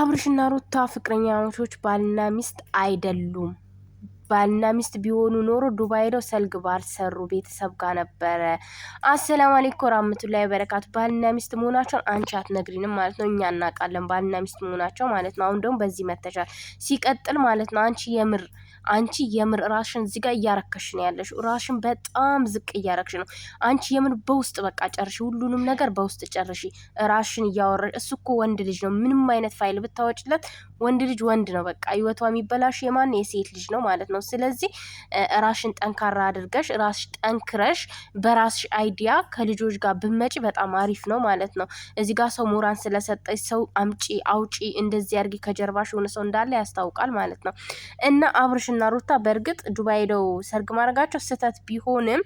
አብርሽና ሩታ ፍቅረኛ ማማቾች ባልና ሚስት አይደሉም። ባልና ሚስት ቢሆኑ ኖሮ ዱባይ ነው ሰልግ ባልሰሩ ቤተሰብ ጋር ነበረ። አሰላሙ አለይኩም ወራህመቱላሂ ወበረካቱ። ባልና ሚስት መሆናቸውን አንቺ አትነግሪንም ማለት ነው፣ እኛ እናውቃለን ባልና ሚስት መሆናቸው ማለት ነው። አሁን ደግሞ በዚህ መተሻል ሲቀጥል ማለት ነው አንቺ የምር አንቺ የምር ራስሽን እዚህ ጋር እያረከሽ ነው ያለሽ። ራስሽን በጣም ዝቅ እያረክሽ ነው አንቺ የምር በውስጥ በቃ ጨርሽ፣ ሁሉንም ነገር በውስጥ ጨርሽ። ራስሽን እያወረሽ እሱ እኮ ወንድ ልጅ ነው። ምንም አይነት ፋይል ብታወጭለት ወንድ ልጅ ወንድ ነው። በቃ ህይወቷ የሚበላሽ የማን የሴት ልጅ ነው ማለት ነው። ነው። ስለዚህ ራሽን ጠንካራ አድርገሽ ራሽ ጠንክረሽ በራስሽ አይዲያ ከልጆች ጋር ብመጪ በጣም አሪፍ ነው ማለት ነው። እዚህ ጋር ሰው ሞራን ስለሰጠች ሰው አምጪ አውጪ እንደዚህ አድርጊ ከጀርባሽ የሆነ ሰው እንዳለ ያስታውቃል ማለት ነው። እና አብርሽና ሩታ በእርግጥ ዱባይ ሄደው ሰርግ ማድረጋቸው ስህተት ቢሆንም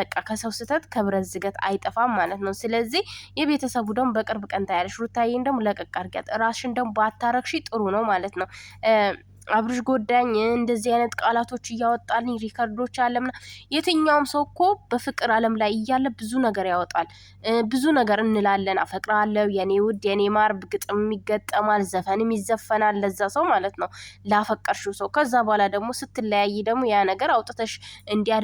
በቃ ከሰው ስህተት ከብረት ዝገት አይጠፋም ማለት ነው። ስለዚህ የቤተሰቡ ደግሞ በቅርብ ቀን ታያለሽ። ሩታዬን ደግሞ ለቀቅ አድርጊያት። ራስሽን ደግሞ ባታረግሺ ጥሩ ነው ማለት ነው። አብርሽ ጎዳኝ እንደዚህ አይነት ቃላቶች እያወጣልኝ ሪከርዶች አለምና የትኛውም ሰው እኮ በፍቅር አለም ላይ እያለ ብዙ ነገር ያወጣል። ብዙ ነገር እንላለን። አፈቅራለሁ፣ የኔ ውድ፣ የኔ ማር፣ ግጥም ይገጠማል፣ ዘፈንም ይዘፈናል ለዛ ሰው ማለት ነው ላፈቀርሽው ሰው። ከዛ በኋላ ደግሞ ስትለያይ ደግሞ ያ ነገር አውጥተሽ እንዲህ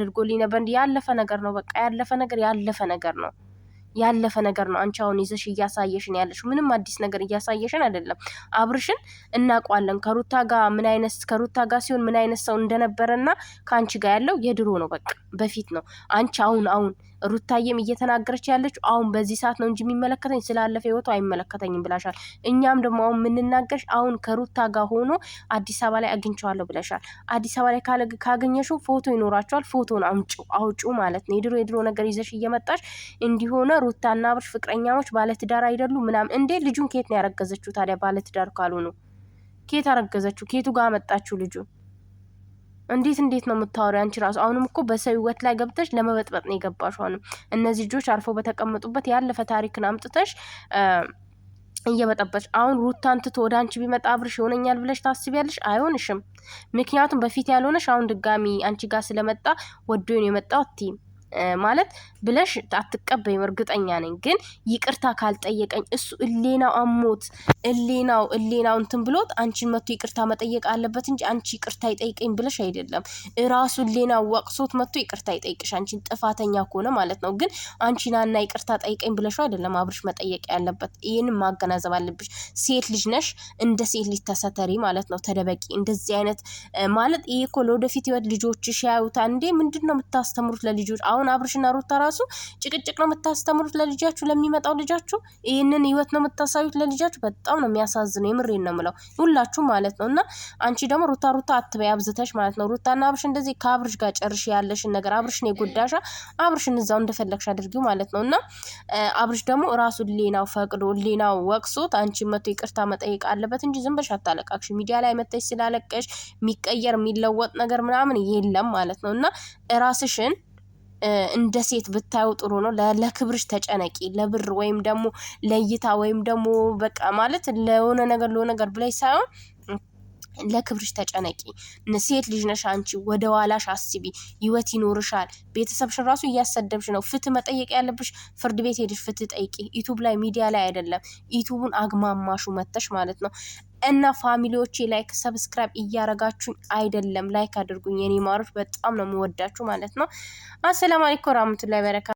ነበር፣ ያለፈ ነገር ነው በቃ ያለፈ ነገር ያለፈ ነገር ነው። ያለፈ ነገር ነው። አንቺ አሁን ይዘሽ እያሳየሽን ያለሽ ምንም አዲስ ነገር እያሳየሽን አይደለም። አብርሽን እናውቀዋለን ከሩታ ጋር ምን አይነት ከሩታ ጋር ሲሆን ምን አይነት ሰው እንደነበረና ከአንቺ ጋር ያለው የድሮ ነው። በቃ በፊት ነው። አንቺ አሁን አሁን ሩታዬም እየተናገረች ያለችው አሁን በዚህ ሰዓት ነው እንጂ የሚመለከተኝ ስላለፈ ህይወቱ አይመለከተኝም ብላሻል። እኛም ደግሞ አሁን የምንናገርሽ አሁን ከሩታ ጋር ሆኖ አዲስ አበባ ላይ አግኝቸዋለሁ ብለሻል። አዲስ አበባ ላይ ካገኘሽው ፎቶ ይኖራቸዋል። ፎቶን አምጩ አውጩ ማለት ነው። የድሮ የድሮ ነገር ይዘሽ እየመጣሽ እንዲሆነ ሩታና አብርሽ ፍቅረኛሞች ባለትዳር አይደሉ ምናምን። እንዴ ልጁን ኬት ነው ያረገዘችው ታዲያ? ባለትዳር ካልሆኑ ኬት አረገዘችው? ኬቱ ጋር መጣችሁ ልጁን እንዴት እንዴት ነው የምታወሪ? አንቺ ራሱ አሁንም እኮ በሰው ህይወት ላይ ገብተሽ ለመበጥበጥ ነው የገባሽ። አሁንም እነዚህ ልጆች አርፈው በተቀመጡበት ያለፈ ታሪክን አምጥተሽ እየበጠበች አሁን ሩታን ትቶ ወደ አንቺ ቢመጣ አብርሽ ይሆነኛል ብለሽ ታስቢያለሽ? አይሆንሽም። ምክንያቱም በፊት ያልሆነሽ አሁን ድጋሚ አንቺ ጋር ስለመጣ ነው የመጣው አትይም ማለት ብለሽ አትቀበይም፣ እርግጠኛ ነኝ። ግን ይቅርታ ካልጠየቀኝ እሱ እሌናው አሞት እሌናው እሌናው እንትን ብሎት አንቺን መቶ ይቅርታ መጠየቅ አለበት እንጂ አንቺ ይቅርታ ይጠይቀኝ ብለሽ አይደለም። እራሱ እሌናው ወቅሶት መቶ ይቅርታ ይጠይቅሽ አንቺን ጥፋተኛ ከሆነ ማለት ነው። ግን አንቺን አና ይቅርታ ጠይቀኝ ብለሽ አይደለም አብርሽ መጠየቅ ያለበት። ይህንም ማገናዘብ አለብሽ። ሴት ልጅ ነሽ፣ እንደ ሴት ልጅ ተሰተሪ ማለት ነው። ተደበቂ። እንደዚህ አይነት ማለት ይህ እኮ ለወደፊት ህይወት ልጆችሽ ያዩታ እንዴ ምንድን ነው የምታስተምሩት ለልጆች አሁን አሁን አብርሽና ሩታ ራሱ ጭቅጭቅ ነው የምታስተምሩት ለልጃችሁ ለሚመጣው ልጃችሁ ይህንን ህይወት ነው የምታሳዩት ለልጃችሁ። በጣም ነው የሚያሳዝነው። የምሬን ነው ምለው ሁላችሁ ማለት ነው። እና አንቺ ደግሞ ሩታ ሩታ አትበይ አብዝተሽ ማለት ነው። ሩታና አብርሽ እንደዚህ ከአብርሽ ጋር ጨርሽ ያለሽን ነገር አብርሽን የጎዳሻ። አብርሽን እዛው እንደፈለግሽ አድርጊው ማለት ነው። እና አብርሽ ደግሞ ራሱ ሌናው ፈቅዶ ሌናው ወቅሶት አንቺ መቶ ይቅርታ መጠየቅ አለበት እንጂ ዝም በሽ አታለቃቅሽ። ሚዲያ ላይ መተሽ ስላለቀሽ የሚቀየር የሚለወጥ ነገር ምናምን የለም ማለት ነው እና ራስሽን እንደ ሴት ብታዩ ጥሩ ነው። ለክብርሽ ተጨነቂ። ለብር ወይም ደግሞ ለእይታ ወይም ደግሞ በቃ ማለት ለሆነ ነገር ለሆነ ነገር ብለሽ ሳይሆን ለክብርሽ ተጨነቂ። ሴት ልጅ ነሽ አንቺ። ወደ ኋላሽ አስቢ። ህይወት ይኖርሻል። ቤተሰብሽን ራሱ እያሰደብሽ ነው። ፍትህ መጠየቅ ያለብሽ ፍርድ ቤት ሄድሽ ፍትህ ጠይቂ። ዩቱብ ላይ ሚዲያ ላይ አይደለም። ዩቱቡን አግማማሹ መተሽ ማለት ነው። እና ፋሚሊዎቼ ላይክ ሰብስክራይብ እያረጋችሁኝ አይደለም፣ ላይክ አድርጉኝ የኔ ማሮች፣ በጣም ነው የምወዳችሁ ማለት ነው። አሰላሙ አለይኩም ወራህመቱላሂ ወበረካቱ